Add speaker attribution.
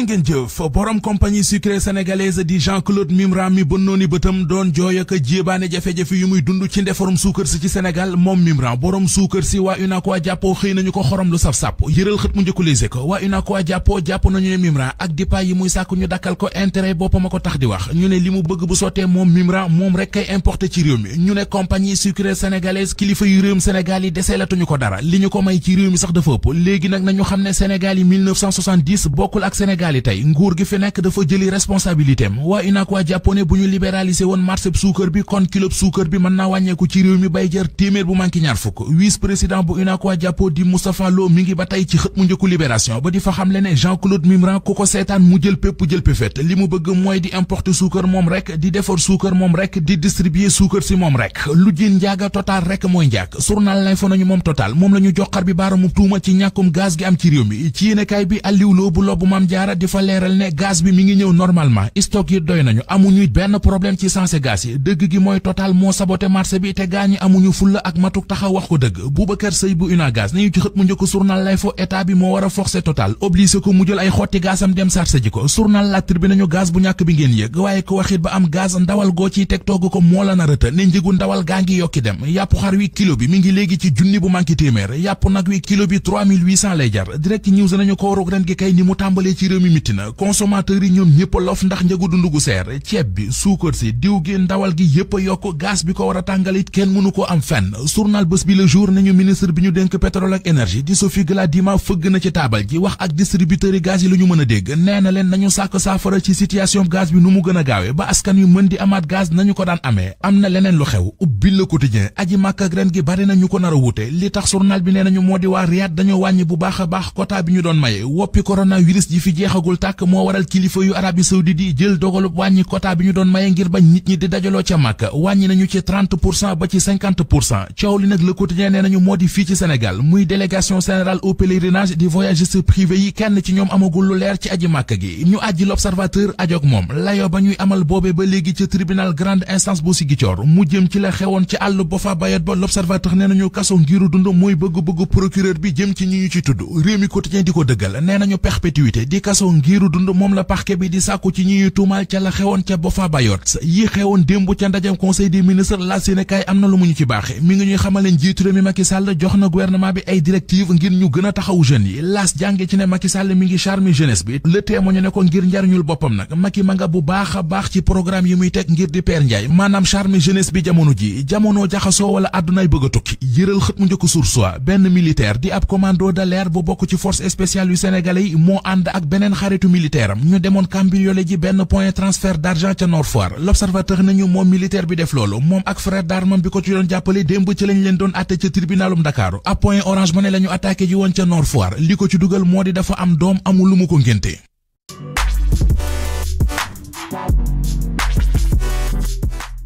Speaker 1: jërë ngeen jëf compagnie sucrière sénégalaise di Jean-Claude Mimran mi bënnooni bëtam doon jooy ak jéebaane jafe-jafe yu muy dund ci ndefarum suukar si ci Sénégal moom Mimran borom suukar si waa UNACOIS jàppoo xëy nañu ko xorom lu saf-sàpp yëral xët mu njëkku Les Échos waa UNACOIS jàppoo jàpp nañu ne Mimran ak dépas yi muy sàkk ñu dakkal ko intérêt boppam a ko tax di wax ñu ne li mu bëgg bu sottee moom Mimran moom rek kay importé ci réew mi ñu ko dara li ñu yéenekaali tey nguur gi fi nekk dafa jëli responsabilité waa UNACOIS waa jàppoone bu ñu libéraliser woon marché suukar bi kon kilo suukar bi mën naa wàññeeku ci réew mi bay jër téeméer bu manki ñaar fukk vice président bu UNACOIS waa di Moustapha Lo mi ngi ba tey ci xët mu njëkku libération ba di fa xam le Jean-Claude Mimran ku ko seetaan mu jël pépp jël péfét li mu bëgg mooy di importer suukar moom rek di defar suukar moom rek di distribuer suukar si moom rek lu jën njaaga total rek mooy njaag journal lay fa la ñu joxar bi baaramu tuuma ci ñàkkum gaz gi am di fa leeral ne gaz bi mi ngi ñëw normalement stock yi doy nañu amuñu benn problème ci sensé gaz yi dëgg gi mooy total moo saboté marché bi te gaañi amuñu fulla ak matuk taxaw wax ko dëgg Boubacar Seye bu Unagaz nañu ci xët mu njëkk journal lay fo état bi moo war a forcer total obligé ko mu jël ay xotti gazam dem sarse ji ko journal La Tribune bi nañu gaz bu ñàkk bi ngeen yëg waaye ko waxit ba am gaz ndawal goo ciy teg togg ko moo la na rëta gaa ngi yokki dem yàpp kilo bi mi ngi léegi ci junni bu manqué téeméer yàpp nag wi kilo bi 3800 lay jar direct news nañu mu tàmbalee ci réew mi mi miti na consommateurs yi ñoom ñëpp lof ndax njëgu dund gu seer ceeb bi suukar si diw gi ndawal gi yëpp a yokk gaz bi ko war a tàngal kenn mënu koo am fenn journal bés bi le jour nañu ministre bi ñu dénk pétrole ak énergie di Sophie Gladima fëgg na ci taabal ji wax ak distributeurs yi yi lu mën a dégg nee leen nañu sàkk saafara ci situation gaz bi nu mu gën a gaawee ba askan yu mën di amaat gaz nañu ko daan amee am na leneen lu xew ubbi a a jeexagul tàkk moo waral kilifa yu Arabie saoudite yi jël dogalub wàññi quota bi ñu doon maye ngir bañ nit ñi di dajaloo ca Makka wàññi nañu ci ba ci coow li nag Le Quotidien nee nañu moo di fii ci Sénégal muy délégation générale au pèlerinage di voyagistes privés yi kenn ci ñoom amagul lu leer ci aji Makka gi ñu aji L'Observateur ajog moom layo ba ñuy amal boobe ba léegi ci tribunal grande instance bu Ziguinchor mu jëm ci la xewoon ci àll ba fa ba L'Observateur nee nañu faso ngiru dund mom la parquet bi di sakku ci ñuy tuumaal ci la xewon ci Bofa Bayor yi xewon dembu ci ndajam conseil des ministres la Sénégal am lu mu ci baxé mi ngi ñuy xamal leen jitu réew mi Macky Sall jox na gouvernement bi ay directive ngir ñu gëna a taxaw jeunes yi las jangé ci ne Macky Sall mi ngi charmer jeunesse bi le témoigne ne ko ngir ñul bopam nak Macky ma nga bu baaxa baax ci programme yu muy tek ngir di Père ndjay manam charmer jeunesse bi jamono ji jamono jaxaso wala adunaay bëgg tukki yëral xët mu ñëk Source A ben militaire di ab commando de l'air bu bokku ci force spéciale du sénégalais mo and ak benen beneen xaritu militaire am ñu demoon cambriolé ji benn point transfert d'argent ca Nord Foire l'observateur nañu moom militaire bi def loolu moom ak frère d'armam bi ko ci doon jàppale démb ci lañ leen doon atte ca tribunalum Dakar ab point orange money la ñu attaqué ji woon ca Nord Foire li ko ci dugal moo di dafa am doom amul lu ko ngénte